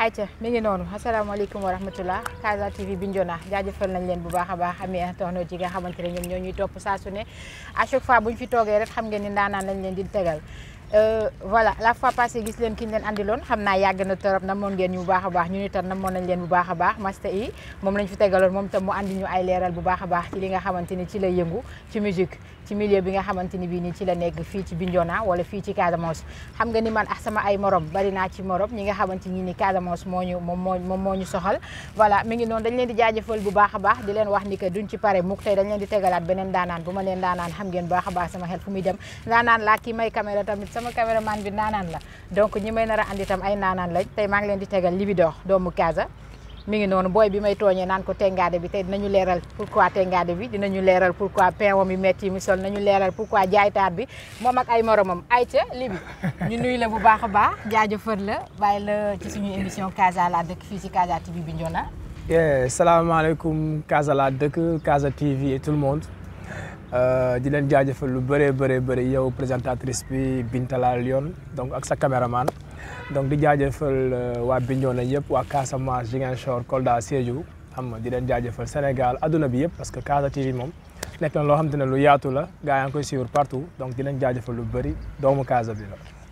ayca mi ngi noonu asalaamaaleykum wa rahmatullah Casa TV Bignona jaajëfal nañ leen bu baax a baax ami internet yi nga xamante ne ñoom ñoo ñuy topp saa a ne à chaque fi toogee rek xam ngeen ni ndaanaan lañ leen di tegal Euh, voilà la fois passée gis leen ki ñu leen andiloon xam naa yàgg na torop ngeen ñu bu baax ñu ni tam namoon nañ leen bu baax a baax master i e, moom lañ fi tegaloon moom tam mu andi ñu ay leeral bu baax a baax ci li nga xamante ni ci la yëngu ci musique ci milieu bi nga xamante ni bii nii ci la nekk fii ci Bignona wala fii ci Casamance xam nga ni man ak ah, sama ay morom bari ci morom ñi nga xamante ni Casamance moo ñu moom moo moom moo ñu soxal voilà mi ngi noonu dañ leen di jaajëfal bu baax a baax di a sama caméraman bi naanaan la donc ñi may nar a ay naanaan lañ tey maa ngi leen di tegal Libidoor doomu Kaasa mi ngi noonu booy bi may tooñee naan ko tengaade bi tey dinañu leeral pourquoi tengaade bi dinañu leeral pourquoi peewam yi métti yi mu sol nañu leeral pourquoi jaaytaat bi moom ak ay moromam ayca Libi ñu nuyu la bu baax a baax jaajëfal la bàyyi la ci suñu émission Casa la dëkk fii ci Casa TV bi Bignona. salaamaaleykum Casa la dëkk Casa TV et tout Euh, di leen jaajëfal lu bëree bëree bëri yow présentatrice bi Bintala Lyon donc ak sa caméraman donc di jaajëfal euh, waa Bignona yëpp waa Casamance Ziguinchor Kolda Sédhiou xam nga di leen jaajëfal Sénégal adduna bi yëpp parce que Casa TV moom nekk na loo xam te ne lu yaatu la gaa yaa koy suivre partout donc di leen jaajëfal lu bëri doomu Casa bi la.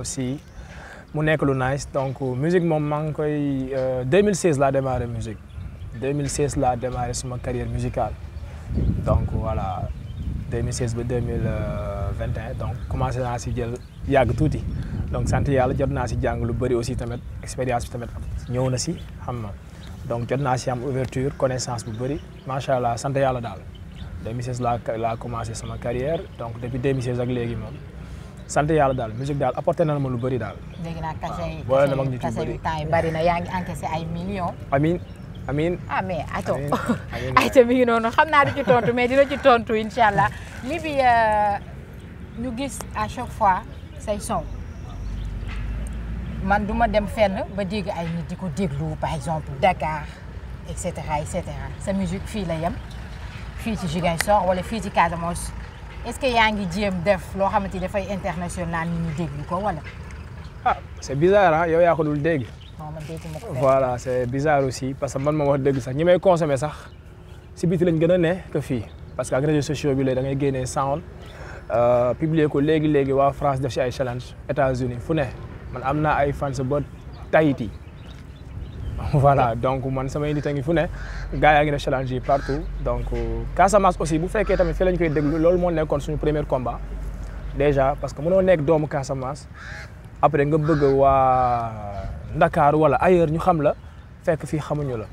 aussi mu nekk lu nice donc musique moom maa ngi koy 2016 euh, laa démarré musique 2016 laa démarré ma carrière musicale donc voilà 2016 ba 2021 donc commencé la si jël yàgg tuuti donc sant yàlla jot naa si jàng lu aussi tamit expérience bi tamit si xam donc jot naa si am ouverture connaissance bu bëri macha allah sant yàlla 2016 là laa commencé ma carrière donc depuis 2016 ak léegi sant yalla dal musique dal apporté na ma lu bëri daal. dégg naa kase yi kase yu temps bari na yaa ngi encaissé ay millions. amiin amiin. ah mais ato ayca mi ngi noonu xam naa du ci tontu mais dina ci tontu inshallah allah li bi euh, ñu gis à chaque fois say son man duma dem fenn ba dégg ay nit di ko déglu par exemple Dakar et cetera et cetera sa musique fii la yem fii ci Ziguinchor wala fii ci Casamance est-ce que tu ngi jéem def ah, bizarre hein, yow ko dul ça. voilà c'est bizarre aussi parce que man je wax sax ñi may consommer sax si biti lañ que parce que les réseaux sociaux bi la da ngay sound euh, publier ko léegi léegi France def challenge États-Unis je suis man am ay fans de Tahiti. voilà donc man sama indi tangi ngi fu ne gars yaa ngi challenge yi partout donc euh, Casamance aussi bu fekkee tamit fi lañ koy déglu loolu mo nekkoon suñu premier combat déjà parce que mënoo nekk doomu Casamance après nga bëgg wa Dakar wala ailleurs ñu xam la fekk fi xamuñu la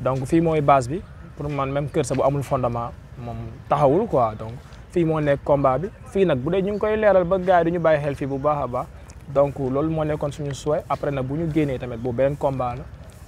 donc fi moy base bi pour man même kër sa bu amul fondement mom taxawul quoi donc fi mo nekk combat bi fi nak bu dé ñu koy léral ba gars yi ñu baye xel fi bu baaxa ba donc loolu mo nekkoon suñu souhait après nag bu ñu génnee tamit bu beneen combat la.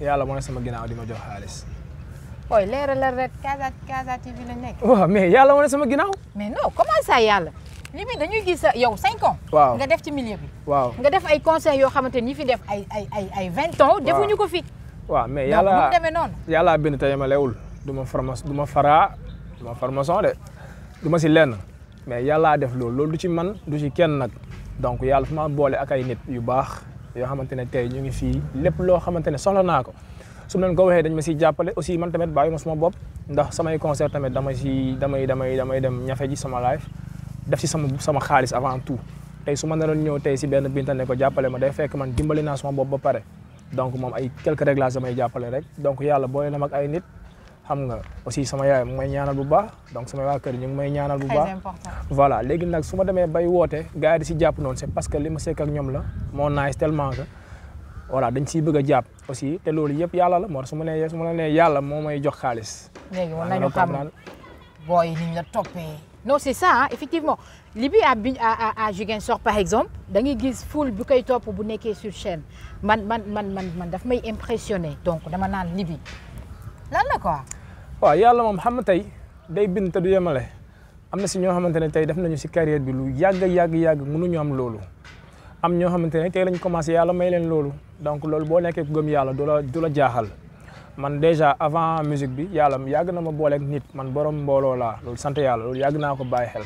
yàlla moo ne sama ginaaw di ma jox xaalis. ooy leeralal rek Casa Casa TV la nekk. mais yàlla moo ne sama ginnaaw. mais non comment yàlla. li bi dañuy gis yow cinq ans. waaw nga def ci milieu bi. waaw nga def ay conseils yoo xamante ñi fi def ay ay ay ay vingt ans. waaw defuñu ko fi. waaw mais yàlla donc mu demee noonu. yàlla bind tey du ma formation du ma faraa du ma formation de du ma si lenn mais yàllaa def loolu loolu du ci man du ci kenn nag donc yàlla fu ma boole ak ay nit yu baax. yo xamantene tay ñu ngi fi lepp lo xamantene soxla nako su mën leen ko waxee dañ ma ci jappalé aussi man tamit bayu ma sama bop ndax samay concert tamit dama ci damay damay damay dem ñafé ji sama live def ci sama sama xaliss avant tout tay su ma naroon ñëw tay ci benn binta ne ko jappalé ma day fekk man dimbali na sama bop ba paré donc mom ay quelques réglages damay jappalé rek donc yalla boole na mag ay nit xam aussi sama yaay mu ngi may ñaanal bu baax donc sama waa kër ñu ngi may ñaanal bu baax voilà légui nak suma démé bay woté gars yi di si jàpp noonu c'est parce que lima sék ak ñom la moo nice tellement que voilà dañ ci bëgg japp aussi té loolu yépp yalla la mo su né nee su ma nee yàlla moo may jox xaalis légui war nañu xam boy yi ñu la toppee non c'est ça ah effectivement libi a a a, à à Ziguinchor par exemple da ngay gis full bu koy top bu nekkee sur chaîne man man man man man daf may impressionner donc dama naan libi lan la quoi. waaw yàlla moom xam nga tey day bind te du yemale am na si ñoo xamante ne tey def nañu si carrière bi lu yàgg yàgg yàgg mënuñu am loolu am ñoo xamante ne tey lañ commencé yàlla may leen loolu donc loolu boo nekkee gëm yàlla du la la jaaxal man déjà avant musique bi yàlla yàgg na ma booleeg nit man borom mbooloo laa loolu sant yàlla loolu yàgg naa ko bàyyi xel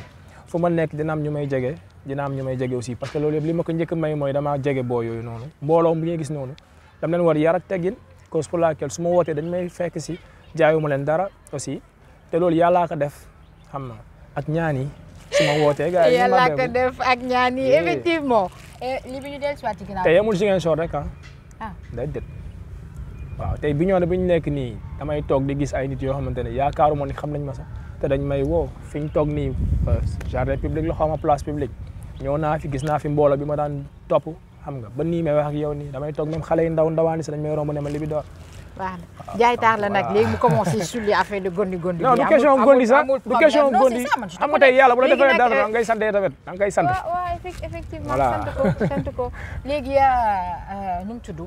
fu ma nekk dina am ñu may jege dina am ñu may jege aussi parce que loolu ko njëkk may mooy damaa jege boo yooyu noonu mbooloo mi ngay gis noonu dam leen war yar teggin cause pour su ma wootee dañ may fekk si jaayuma leen dara aussi te loolu yàllaa ko def xam na ak ñaani yi su ma wootee. gars yi yàllaa ko def ak ñaan yi effectivement. Eh, li bi ñu rek ah. ah déedéet waaw tey bi ñoo ne bi ñu nekk nii damay toog di gis ay nit yoo xamante ne yaakaaruma ni xam nañ ma sax te dañ may wow fi ñu toog nii jardin euh, public la xaw ma place publique ñoo naa fi gis naa fi mbooloo bi ma daan topp. xam nga ba nii may wax la nag léegi mu commencé sulli affaire de gondi gondi. non du question gondi sax du question gondi xam nga tey yàlla bu la defee dara euh, da ngay sant tamit da ko léegi euh, euh, nu mu tudd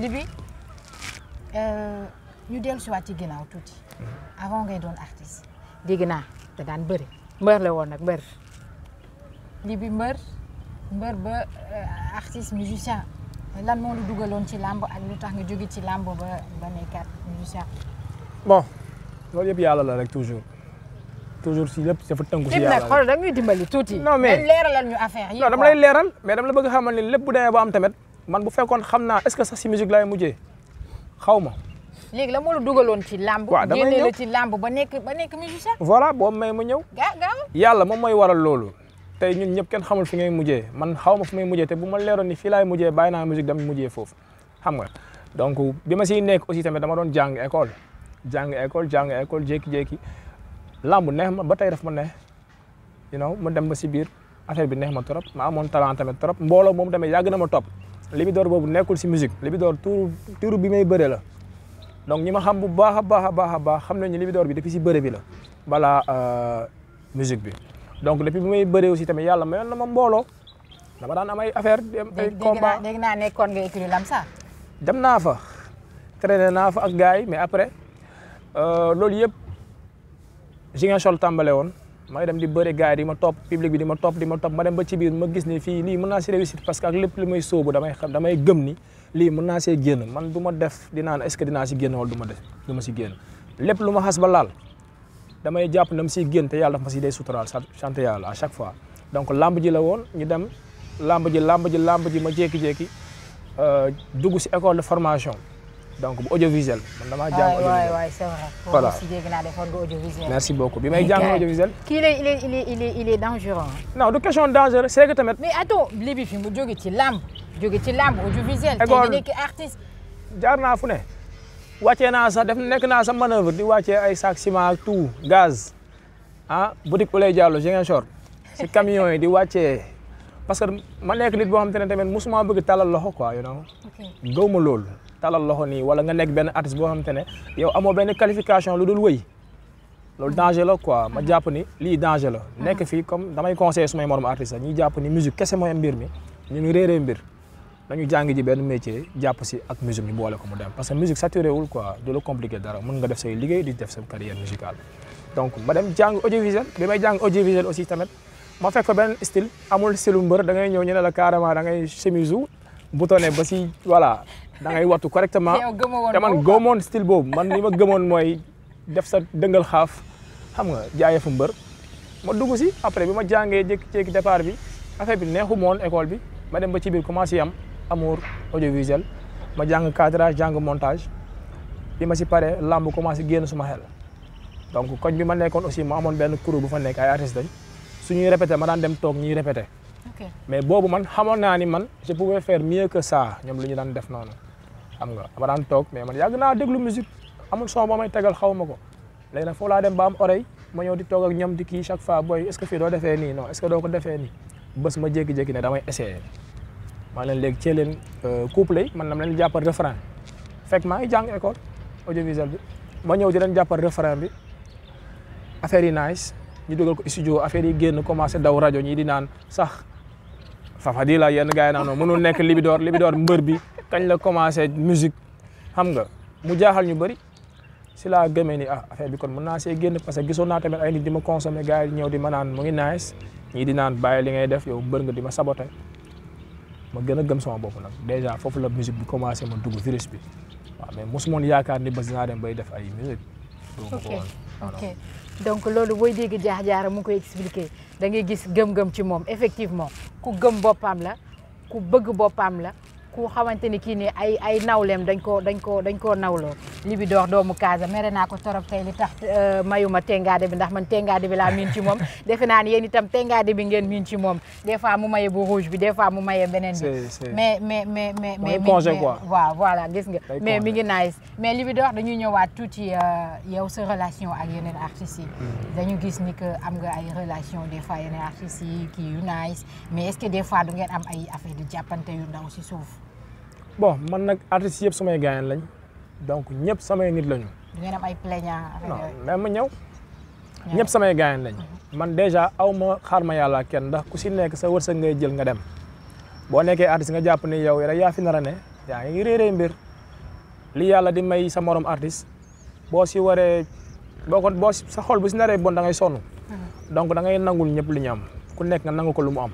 li bi ñu dellusiwaat ci ginnaaw tuuti mhm. avant ngay doon artiste. dégg naa da daan bëri mbër la woon nag mbër li bi mbër ba euh, artiste musicien lan moo lu dugaloon ci làmb ak lu tax nga jóge ci làmb ba ba nekkaat musicien. bon loolu yëpp yàlla la rek toujours toujours si lépp dafa tënku si yàlla. xool da ngay dimbali tuuti. non mais leeralal ñu affaire yi. non dama mais dama la bëgg xamal ne lépp bu demee ba am tamit man bu fekkoon xam naa est-ce que sax si musique laay mujjee xaw ma. léegi la moo la dugaloon ci làmb. waaw damay ñëw ci làmb ba nekk ba nekk musicien. voilà boo may ma ñëw. gaa gaa yàlla moom mooy waral loolu. tey ñun ñëpp kenn xamul fi ngay mujjee man xaw ma fu may mujjee te bu ma leeroon ni fii laay mujjee bàyyi naa musique dama mujjee foofu xam nga donc bi ma si nekk aussi tamit dama doon jàng école jàng école jàng école jékki-jékki lamb neex ma ba tey daf ma neex you know ma dem ba si biir affaire bi neex ma trop ma amoon talent tamit trop mbooloo moom tamit yàgg na ma topp li bi door boobu nekkul si musique li bi door tuuru bi may bëre la donc ñi ma xam bu baax a baax a baax a baax xam nañu li bi door bi depuis si bëre bi la balaa euh, musique bi donc depuis bu may beure aussi tamit yalla mayoon na ma mbolo dama dan am ay affaire ay combat dégg naa nekkoon nga écurie Lamsar dem na fa traîner na fa ak gaay mais après euh, loolu jigen Ziguinchor tambalé won may dem di beure gaay di ma top, public bi di ma top di ma top ma dem ba ci biir ma gis ni fi lii mëna ci si réussir parce que ak lépp limay sobu damay xam damay gëm ni li mëna ci génn man duma def di nan est-ce que dina ci génn wala duma def duma ci génn lépp lu ba laal damay jàpp na mu siy génn te yàlla dafa ma si day suturaal sant yàlla à chaque fois donc làmb ji la woon ñu dem lamb ji làmb ji làmb ji ma jékki-jékki euh, dugg si école de formation donc bu audiovisuel man damaa jàng audiovisuel waay c'est vrai voilà merci beaucoup bi may jàng audiovisuel kii la il est il est non du question dangereux c'est que tamit mais attends léegi fi mu jóge ci làmb jóge ci làmb audiovisuel tey nga nekk artiste jaar naa fu ne wàccee naa sax def nekk naa sa manœuvre di wàccee ay sac ciment ak tout gaz ah boutique Ouleye Diallo Ziguinchor si camions yi di wàccee parce que ma nekk nit boo xam te ne tamit musuma bëgg talal loxo quoi you know ma loolu talal loxo nii wala nga nekk benn artiste boo xam ne yow amoo benn qualification lu dul wëy loolu danger la quoi ma jàpp ni lii danger la nekk fii comme damay conseiller sumay morom artiste ñuy jàpp ni musique kese mooy mbir mi ñu ngi réeree mbir dañu jàng ji benn métier jàpp si ak musique ñu boole ko mu dem parce que musique saturé wul quoi du la compliqué dara mën nga def say liggéey di def sa carrière musicale donc ma dem jàng audiovisuel bi may jàng audiovisuel aussi tamit ma fekk benn style amul style mbër da ngay ñëw ñu ne la carrément da ngay chemise u boutonné ba si voilà da ngay wattu correctement te man gëmoon style boobu man li ma gëmoon mooy def sa dëngal xaaf xam nga jaayee fu mbër ma dugg si après bi ma jàngee jékki-jékki départ bi affaire bi neexu moon école bi ma ba ci biir commencé am amour audiovisuel ma jàng cadrage jàng montage bi ma si paree làmb commencé génn suma xel donc koñ bi ma nekkoon aussi ma amoon benn crew bu fa nekk ay artistes dañ suñuy répété ma daan dem toog ñuy répété. mais boobu man xamoon naa ni man je pouvais faire ñoom lu ñu def noonu xam nga ma daan toog mais man yàgg naa déglu musique amul son boo may tegal xaw ma ko léegi nag foofu laa dem ba am oreille ma ñëw di toog ak ñoom di kii chaque fois booy est-ce que fii doo defee nii non est-ce que doo ko defee nii bés ma jékki-jékki ne damay maa leg ci len euh, couple yi man dama leen jàppal refrain fek ma ngi jang école audiovisuel bi ma ñew di len jàppal refrain bi affaire yi nice ñu duggal ko studio affaire yi genn commencé daw radio ñi di naan sax fa fa di la yenn gaay yi naan mënul nekk libidor libidoor mbër bi kañ la commencé musique xam nga mu jaaxal ñu bari ci la gëmé ni ah affaire bi kon mëna sé genn parce que gisoon tamit ay nit di ma consommé gars yi di ma naan mu ngi nice ñi di naan baye li ngay def yow mbeur nga di ma saboté ma gën a gëm sama bopp nag dèjà foofu la musique bi commencé ma dugg virus bi waaw mais mosumoon yaakaar ni ba dinaa dem bay def ay musique. ok ok donc loolu booy dégg jaax jaara mu ngi koy expliquer da ngay gis gëm-gëm ci moom effectivement ku gëm boppam la ku bëgg boppam la. ku xamante ni kii nii ay ay nawleem dañ ko dañ koo dañ koo nawloo Libidor doomu Kaasa mere naa ko torop tey li tax euh, mayuma tengaade bi ndax man tengaade bi laa miin ci moom defe naa ni yéen itam tengaade bi ngeen miin ci moom des fois mu maye bu rouge bi des fois mu maye beneen bi mais mais mais mais mais waaw voilà gis nga mais mi ngi nice mais Libidor dañuy ñëwaat tuuti euh, yow sa relation ak yeneen artistes yi hmm. dañu gis ni que am nga ay relation des fois yeneen artistes kii yu nice mais est-ce que des fois du ngeen am ay affaire di jàppante yu ndaw si suuf bon man nag artistes yëpp samay gaañan lañ donc ñëpp samay nit lañu. du ma ñëw. ñëpp samay gaañan lañ. Mhm. man déjà aw ma xaar ma yàlla kenn ndax ku si nekk sa wërsëg ngay jël nga dem boo nekkee artiste nga jàpp ni yow rek yaa fi nar ne yaa ngi réeree mbir li yàlla di may sa moroom artiste boo si waree boo ko boo sa xol bu si naree bon da ngay sonn. Mhm. donc da ngay nangul ñëpp lu ñu am ku nekk nga nangu ko lu mu am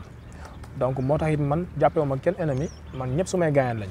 donc moo tax it man jàppee ma kenn ennemi man ñëpp sumay gaañan lañ.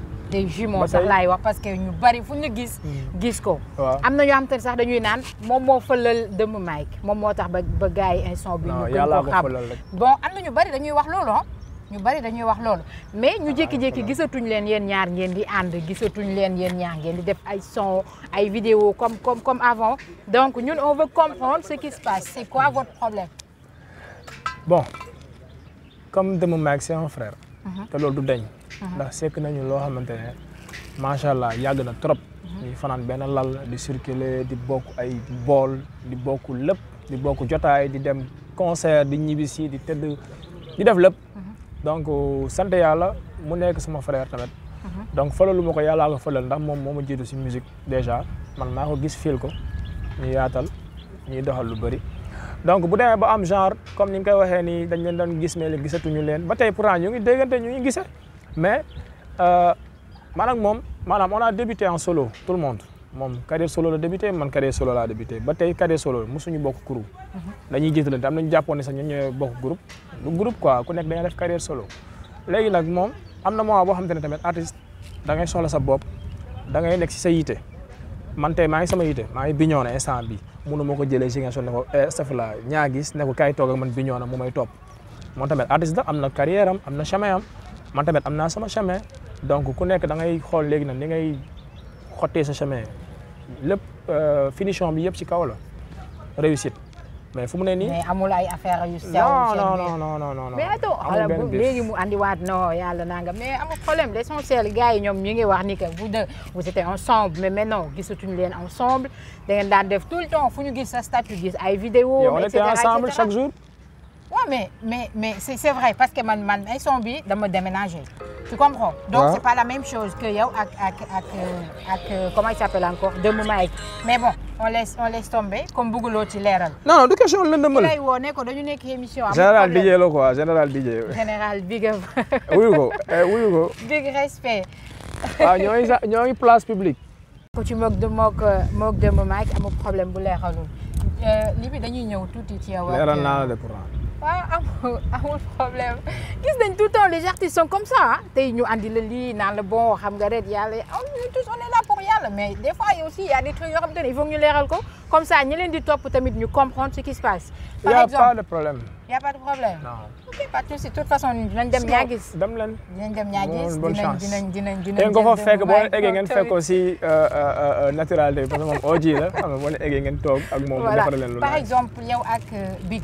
des jumeaux sax parce que ñu bari nous gis. Hmm. gis ko. amna ñu am nous sax dañuy naan mom mo feulal nous Mike mom motax ba ba gaay nous son bi ñu ko bon ñu bari dañuy wax ah. ñu bari dañuy wax mais ñu gisatuñ leen yeen ñaar ngeen di and gisatuñ leen yeen ñaar ngeen vidéo comme comme comme avant donc ñun on veut comprendre ce qui se passe c'est quoi votre problème. bon comme Mike c'est un frère. Mm-hmm. du Mhm. ndax sekk nañu loo xamante ne macha allah yàgg na trop. Mhm. ñuy fanaan benn lal di circuler di bokk ay bool di bokk lépp di bokk jotaay di dem concert di ñibbisi di tëdd di def lépp. Mhm. donc sant yàlla mu nekk sama frère tamit. donc falalu ma ko yàllaa ko falal ndax moom moo ma jiitu si musique déjà man maa ko gis fiil ko ñu yaatal ñuy doxal lu bari donc bu demee ba am genre comme ni nga waxee nii dañ leen doon gis mais gisatuñu leen ba tey pourtant ñu ngi ñu ngi gise mais euh, man ak mom, maanaam on a débuté en solo tout le monde moom carrière solo le débuté man carrière solo laa débuté ba tey carrière solo mosuñu bokk groupe. Mhm. dañuy jiitalante am nañu jàppoon ne sax ñun ñooy bokk groupe du groupe quoi ku nekk dañuy def carrière solo léegi nag moom am na moment boo xamante ne tamit artiste da ngay soxla sa bopp da ngay nekk si sa yite man tey maa ngi sama yite maa ngi biñoona instant bi mënu ma ko jëlee nga son ne ko eh, safla la gis ne ko kaay toog ak man biñoona mu may artiste la carrière am chemin am man tamit am naa sama chemin donc ku nekk da ngay xool léegi nag ni ngay xottee sa chemin lépp euh, finition bi yëpp ci kaw la réussite mais fu mu ne nii. mais amul ay affaire yu sew. non non non non non. mais ato xala bu léegi mu andiwaat non yàlla naa nga mais amul problème l'essentiel gars yi ñoom ñu ngi wax ni que vous deux vous étiez ensemble mais maintenant gisatuñu leen ensemble da ngeen daan def tout le temps fu ñu gis sa statut gis ay vidéo. et cetera et cetera on était ensemble chaque jour. Non, mais, mais, mais c'est vrai, parce que man, man, ils sont bien de me déménager. Tu comprends? Donc, ouais. c'est pas la même chose que avec, euh, euh, comment il s'appelle encore? De Moumaïk. Mais bon, on laisse, on laisse tomber, comme beaucoup l'autre, il l'air. Non, non, de question, le nom. on est dans une émission. Général Bigé, quoi. Général Bigé. Général Big. Oui, eh, oui oui, Big respect. Ah, il y une place publique. Quand tu moques de moque, euh, moque de Moumaïk, il y a problème pour l'air. Euh, Libye, il y a tout, il a problème ah un, problème tout le temps les artistes sont comme ça hein? bon tous là pour mais des fois y aussi y a des trucs il faut comme ça nous leen di pour comprendre ce qui se passe. Il n'y a pas de problème. Il y' a pas de problème. non ok de toute façon une Nous euh, euh, euh, que par exemple Big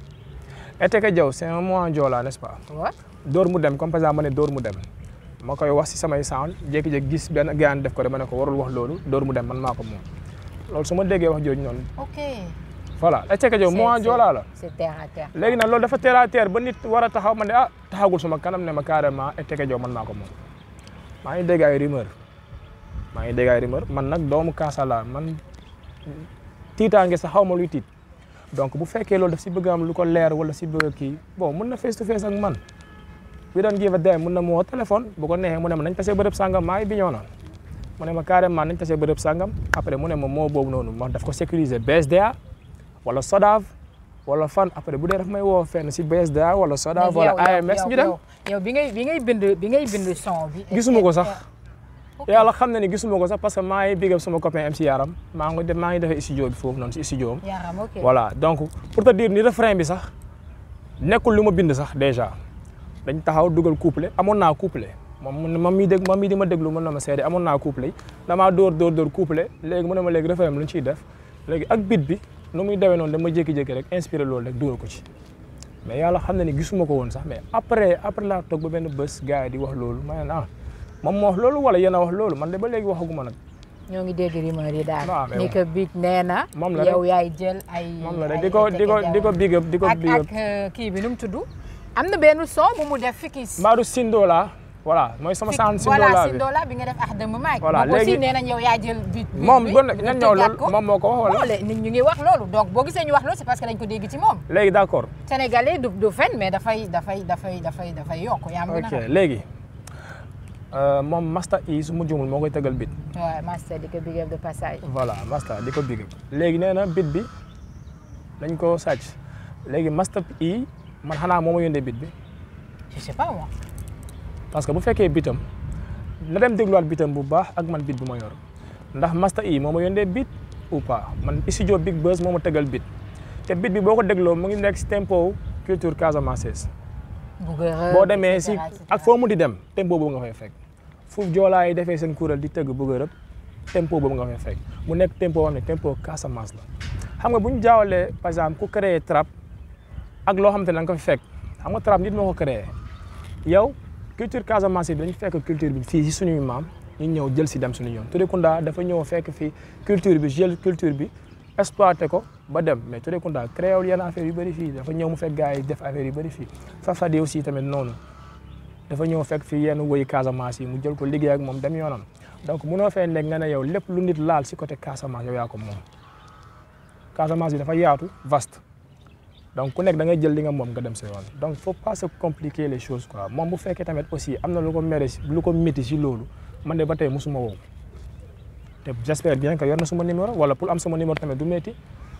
Eteke Diaw c' est un mot en Joola n' est ce pas. door mu dem comme par exemple ma ne door mu dem. ma koy wax si samay sound jékki-jékki gis benn gaan def ko de ma ne ko warul wax loolu mu dem man maa ko moom loolu su ma déggee wax jooju noonu. ok voilà Eteke Diaw mot en Joola la. c' léegi nag loolu dafa terre ba nit war a taxaw ma ne ah taxagul suma kanam ne ma carrément Eteke Diaw man maa ko moom maa ngi dégg ay maa ngi dégg ay man nag doomu kaasa man tiitaange sax xaw ma luy tiit. donc bu fekkee loolu daf si bëgg am lu ko leer wala si bëgg kii bon mun na face to face ak man bi don't give a damn mun na moo téléphone bu ko neexee mu ne ma nañ tasee bërëb sàngam maa ngi bi ñoo naan mu ne ma carrément nañ tasee bërëb sàngam après mu ne ma moo boobu noonu ma daf ko sécuriser BSDA wala SODAV wala fan après bu dee daf may woo fenn si BSDA wala SODAV wala AMS ñu dem yow bi ngay bi ngay bind bi ngay bind son bi gisuma ko sax yàlla xam na ni gisuma ko sax parce que maa ngi big up sama copain MC Yaram maa ngi def maa ngi defee studio bi foofu noonu si studio am voilà donc pour te dire ni refrain bi sax nekkul lu ma bind sax déjà dañ taxaw dugal couplet amoon naa couplet moom moom miy dégg moom mii di ma déglu mën na ma seede amoon naa couplet damaa dóor dóor dóor couplet léegi mu na ma léegi refrain bi lu ñu ciy def léegi ak bit bi nu muy dewee noonu ma jékki-jékki rek inspiré loolu rek dugal ko ci mais yàlla xam na ni gisuma ko woon sax mais après après laa toog benn bés gars yi di wax loolu ma ne ah moom moo wax loolu wala yéen a wax loolu man de ba léegi waxaguma nag. ñoo ngi dégg rumeur yi daal. waaw ni que Big nee na. moom la yow yaay jël ay. moom la rek di ko di ko di ko big di ko euh, kii bi nu mu tudd. am na benn son bu mu def fikis. Maadou Sindola. voilà mooy sama saan Sindola bi voilà Sindola bi nga def ax dëmm maay. voilà léegi moom aussi nee nañ yow yaa jël. bit bi moom bon ñan ñoo loolu moom moo ko wax wala. wala nit ñu ngi wax loolu donc boo gisee ñu wax loolu si parce que dañ ko dégg ci moom. léegi d'accord. Sénégalais du du fen mais dafay dafay dafay dafay dafay yokk yaa am. léegi Euh, Mon master i e su ma juumul koy tegal bit. waaw Masta diko ko de passage. voilà Masta diko ko légui léegi bit bi lañ ko sacc légui Masta i e, man xanaa moma ma bit bi. je sais pas moi. parce que bu fekkee bitam na dem dégluwaat bitam bu baax ak man bit bu ma yor ndax Masta i e moo ma bit ou pas man studio Big Buzz moma tegal bit té bit bi boko ko mo ngi nek tempo culture Casamance. bo démé ci ak fo mu di dem tempo bo nga fay fekk. fu joolaa yi defee seen kuréel di tëgg bëgg a rëb tempo boobu nga fay fekk mu nekk tempo boo xam ne tempo Casamance la xam nga bu ñu jaawalee par exemple ku créé trap ak loo xam te ne ko fi fekk xam nga trap nit moo ko créé yow culture Casamance yi dañu fekk culture bi fii si suñuy maam ñu ñëw jël si dem sunu suñu yoon Torekunda dafa ñëw fekk fii culture bi jël culture bi exploité ko ba dem mais Torekunda créé wul yenn affaire yu bëri fii dafa ñëw mu fekk gars def affaire yu bëri fii Fafadi aussi tamit noonu. dafa ñëw fekk fi yenn woyu Casamance yi mu jël ko liggéey ak moom dem yoonam donc munoo fee nekk nga ne yow lépp lu nit laal si côté Casamance yow yaa ko moom Casamance bi dafa yaatu vaste donc ku nekk da ngay jël li nga moom nga dem sa yoon donc faut pas se compliquer les choses quoi moom bu fekkee tamit aussi am na lu ko mere lu ko métti si loolu man de ba tey musuma woo te j'espère bien que yor na suma numéro wala pour am suma numéro tamit du métti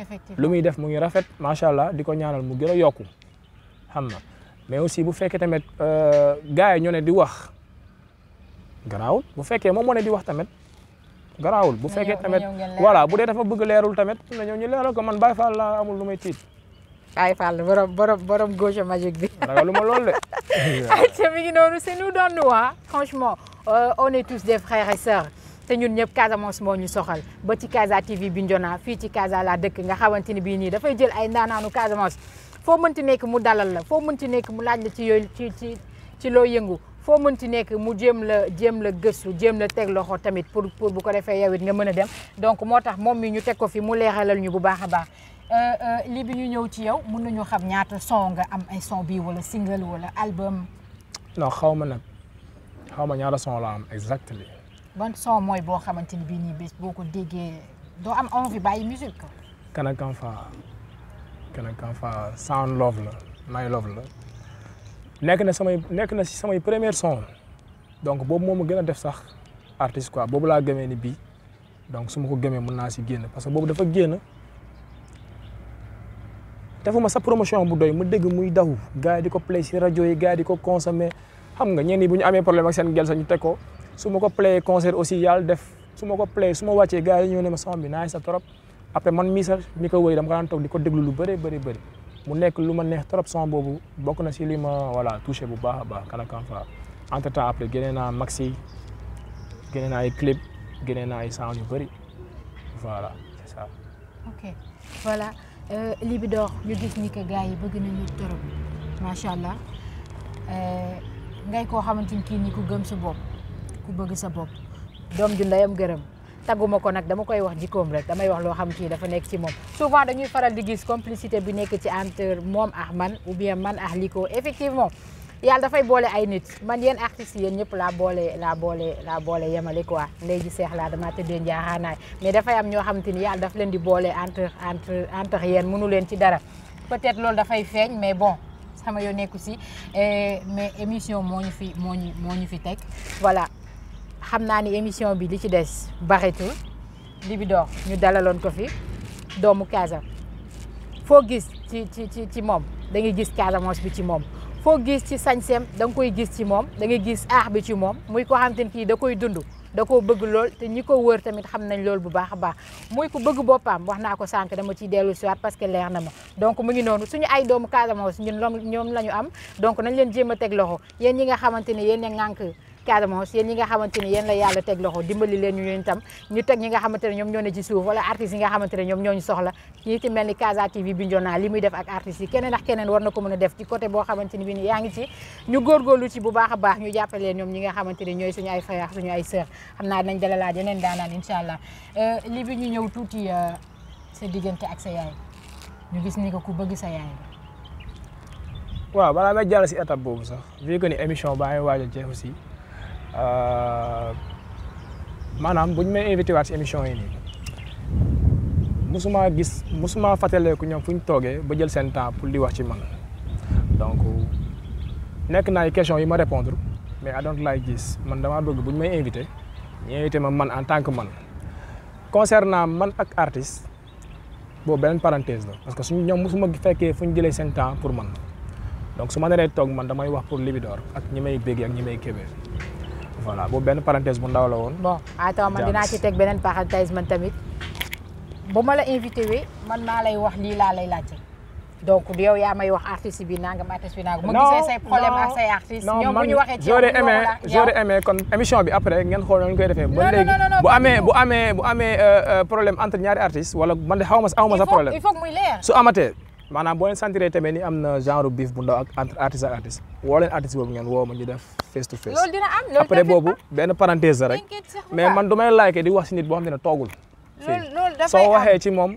effectivement lu muy def mu ngi rafet macha ñaanal mu gëna yokku xam na mais aussi bu fekkee tamit euh gaay ñoo ne di wax garaawul bu fekkee moom moo ne di wax tamit garaawul. bu fekkee tamit voilà bu dé dafa bëgg lérul tamit na ñëw ñu leeral ko man bay Fall la amul lu may tiit. Baye Fall borom borom borom gauche magique bi. ragaluma lool de. ci mi ngi nonu c'est nous donne waa franchement euh, on est tous des frères et sœurs té ñun ñëpp Casamance mo ñu soxal ba ci Casa TV bi Bignona fi ci Casa la dëkk nga bi ni da fay jël ay nananu Casamance fo mënti nekk mu dalal la fo mënti nekk mu laaj la ci yoy ci ci ci lo yëngu fo mënti nekk mu jëm la jëm la gëstu jëm la teg loxo tamit pour pour bu ko defee yawit nga mëna dem donc motax mom mi ñu tek ko fi mu leexalal ñu bu baaxa baax euh euh li bi ñu ñëw ci yow mën nañu xam ñaata son nga am ay son bi wala single wala album. non xawma nak xawma ñaara son la am exactly ban son bo xamanteni bi ni bii boko déggé do de am envie bàyyi musique. Kana Kanfa Kana Kanfa sound love la my love la un na samay nekk na ci samay premier son donc bobu ma def sax artiste quoi bobu la gëmé ni donc ko gëmé parce que bobu dafa génn defuma sa promotion bu doy mu dégg muy daw gars yi di ko play ci radio yi gars yi di ko consommer xam nga ñenn bu ñu amee problème ak seen gel sa ñu teg su ma ko playé concert aussi yàlla def su ma ko playé su ma wàccee gars yi ñëw ne ma son bi naaj sa trop après man mii sax mi ko wëy dama ko daan toog di ko déglu lu bare bëri bëri mu nekk lu ma neex trop son boobu bokk na si li ma voilà touché bu baax a baax kan ak kan entre temps après génne naa maxi génne naa ay clip génne naa ay sound yu bëri voilà c'est ça. ok voilà euh, ñu gis ni que yi bëgg nañu trop macha allah euh, ngay koo xamante ni kii ñi ko gëm sa bopp. ku bëgg sa bopp doom ju ndeyam gërëm taguma ko nag dama koy wax jikkoom rek damay wax loo xam kii dafa nekk ci moom souvent dañuy faral di gis complicité bi nekk ci entre moom ak man ou bien man ak Lico effectivement yàlla dafay boole ay nit man yéen artistes yéen ñëpp laa boole laa boole laa boole yemale ko léegi seex laa damaa tëddee njaaxaanaay mais dafay am ñoo xamante ni yàlla daf leen di boole entre entre entre yéen mënu leen ci dara peut-être loolu dafay feeñ mais bon sama yoo si mais émission moo ñu moo ñu moo ñu xam naa ni émission bi li ci des baretul Libidor ñu dalaloon ko fi doomu Casa foo gis ci ci ci ci moom da ngay gis Casamance bi ci moom foo gis ci sañseem da koy gis ci moom da gis aax bi ci moom muy ko xam te ne kii da koy dund da koo bëgg lool te ñi ko wër tamit xam nañ loolu bu baax a baax muy ko bëgg boppam wax naa ko sànq dama ciy dellu si waat parce que leer na ma donc mu ngi noonu suñu ay doomu Casamance ñun ñoom la ñu am donc nañ leen jéem a teg loxo yéen ñi nga xamante ne yéen a ŋànk Casamance yéen ñi nga xamante ni yéen la ñu ñun ñu nga xamante ñoom ñoo ne ci suuf nga xamante ne ñoom ñooñu soxla ñii ci mel ni Casa a ñu góorgóorlu a baax ñu nga xamante ñooy suñu ay frères suñu ay sœurs nañ dalalaaj yeneen daanaan incha allah euh, li bi ñu ñëw tuuti euh, sa diggante ak sa yaay ñu gis ni ko ku bëgg sa yaay waaw balaa may jàll si étape boobu sax vu que ni émission baa ngi waaj a jeex Euh, maanaam bu ñu may invité waat si émission yi nii musuma gis musuma fàttaleeku ñoom fu ñu toogee ba jël seen temps pour di wax ci man donc nekk naa ay questions yi ma répondre mais I don't like gis man damaa bëgg bu ñu may invité ñu invité ma man en tant que man concernant man ak artiste boobu beneen parenthèse la parce que su ñoom musuma fekkee fu ñu jëlee seen temps pour man donc su ma nee toog man damay wax pour Libidor ak ñi may bégg ñu ñi may kébee voilà boobu benn parenthèse bu ndaw la woon. bon attends man dinaa ci teg beneen parenthèse man tamit bu ma la invité wee man maa lay wax lii laa lay laa laajte. donc yow yaa may wax artiste bi nangam artiste bi nangam. ma gisee say problème ak say artiste. ñoom bu ñu waxee ci ñoom aimé j'aurais kon émission bi après ngeen xool noonu ñu koy defee. ba léegi bu amee bu amee bu euh, amee euh, problème entre ñaari artistes wala man de xaw ma sa aw ma sa problème. il faut maanaam boo leen sentiree tamit ni am na genre biif bu ndaw ak entre artiste ak boobu ngeen woo ma ñu face to face. loolu dina boobu benn parenthèse la rek. mais man du may like di wax si nit boo xam ne toogul. loolu loolu dafay ci moom.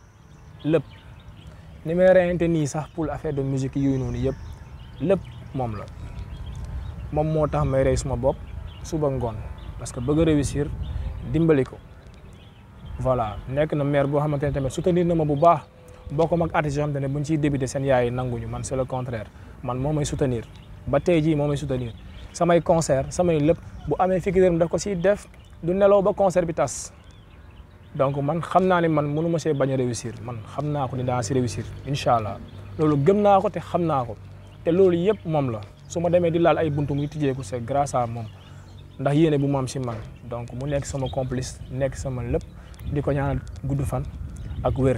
lépp ni may reyante nii sax pour affaire de musique yooyu noonu yëpp lépp moom la moom moo tax may rey suma bopp suba ngoon parce que bëgg a réussir dimbali ko voilà nekk na maire boo xamante ne tamit soutenir na ma bu baax bokkam ak artiste yoo xamante ne buñ ciy débuté seen yaay yi ñu man c'est le contraire man moo may soutenir ba tey jii moo may soutenir samay concert samay lépp bu amee fii daf ko siy def du nelaw ba concert bi tas. donc man xam naa ne man mënu ma see bañ a réussir man xam naa ko ni daa si réussir incha allah loolu gëm naa ko te xam naa ko te loolu yëpp moom la su ma demee di laal ay buntu muy tijjeeku ko grâce à moom ndax yéene bu mu am si man donc mu nekk sama complice nekk sama lépp di ko ñaanal gudd fan ak wér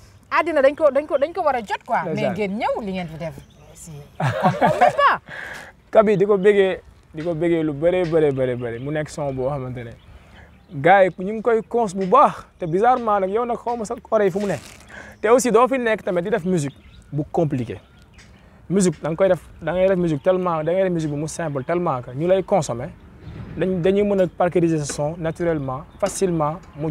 adina dañ ko dañ ko ko a jot quoi. mais ngeen ñëw li ngeen pas. Kabi di ko bëggee di ko lu bëree bëree mu son boo gars ñu ngi koy bu baax te bizarrement yow nag xaw ma sa oreille fu mu te aussi doo fi nekk tamit di def musique bu compliqué. musique da koy def da ngay def musique tellement da ngay def musique bu mu simple tellement que ñu lay consommer dañ dañuy parkeriser son naturellement facilement mu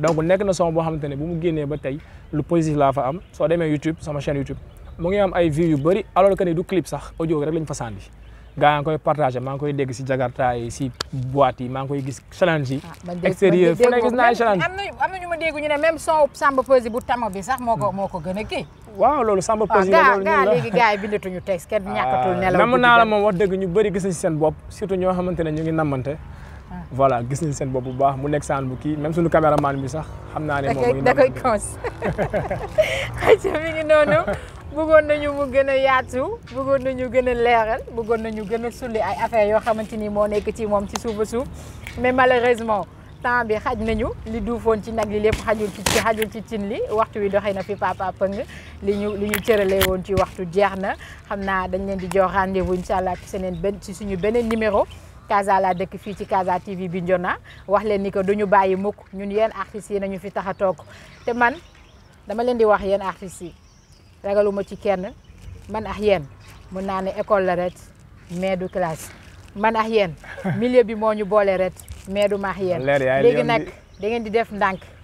donc nekk na son boo xamante ne bu mu génnee ba tey lu positif laa fa am soo demee YouTube sama chaîne YouTube mu ngi am ay vues yu bëri alors que ni du clip sax audio rek lañ fa sànni gaa ngi koy partagé maa ngi koy dégg si jakarta yi si yi maa ngi koy gis challenge yi. Ah, extérieur fu ne gis naa ñu ma dégg ñu ne même son Samba Peuzzi bu tama bi sax moo ko hmm. moo ko gën a kii. waaw loolu Samba ah, Peuzzi la loolu ñun la léegi gars yi bindatuñu ah, nelaw. nam naa la moom wax dëgg ñu bëri gis si seen bopp surtout ñoo xamante ne ñu ngi namante voilà gis nañ seen bopp bu baax mu nekk saan bu kii même suñu caméraman bi sax xam naa ne moom da koy cons xëy mi ngi noonu bëggoon nañu mu gën a yaatu bëggoon nañu gën a leeral bëggoon nañu gën a sulli ay affaire yoo xamante ni moo nekk ci moom ci suufa suuf mais malheureusement temps bi xaj nañu li duufoon ci nag li lépp xajul ci xajul ci tin li waxtu wi doxee na fi papa pëng li ñu li ñu cëralee woon ci waxtu jeex na xam naa dañ leen di jox rendez-vous incha allah ci seneen ben ci suñu beneen numéro Casa laa dëkk fii ci Casa TV bi Bignona wax leen ni que ñu bàyyi mukk ñun yéen artistes yi nañu fi tax a toog te man dama leen di wax yéen artistes yi ragaluma ci kenn man ax yéen mun naa ne école la ret mais du classe man ax yéen milieu bi moo ñu boole ret mais du maax yéen léegi nag da di def ndànk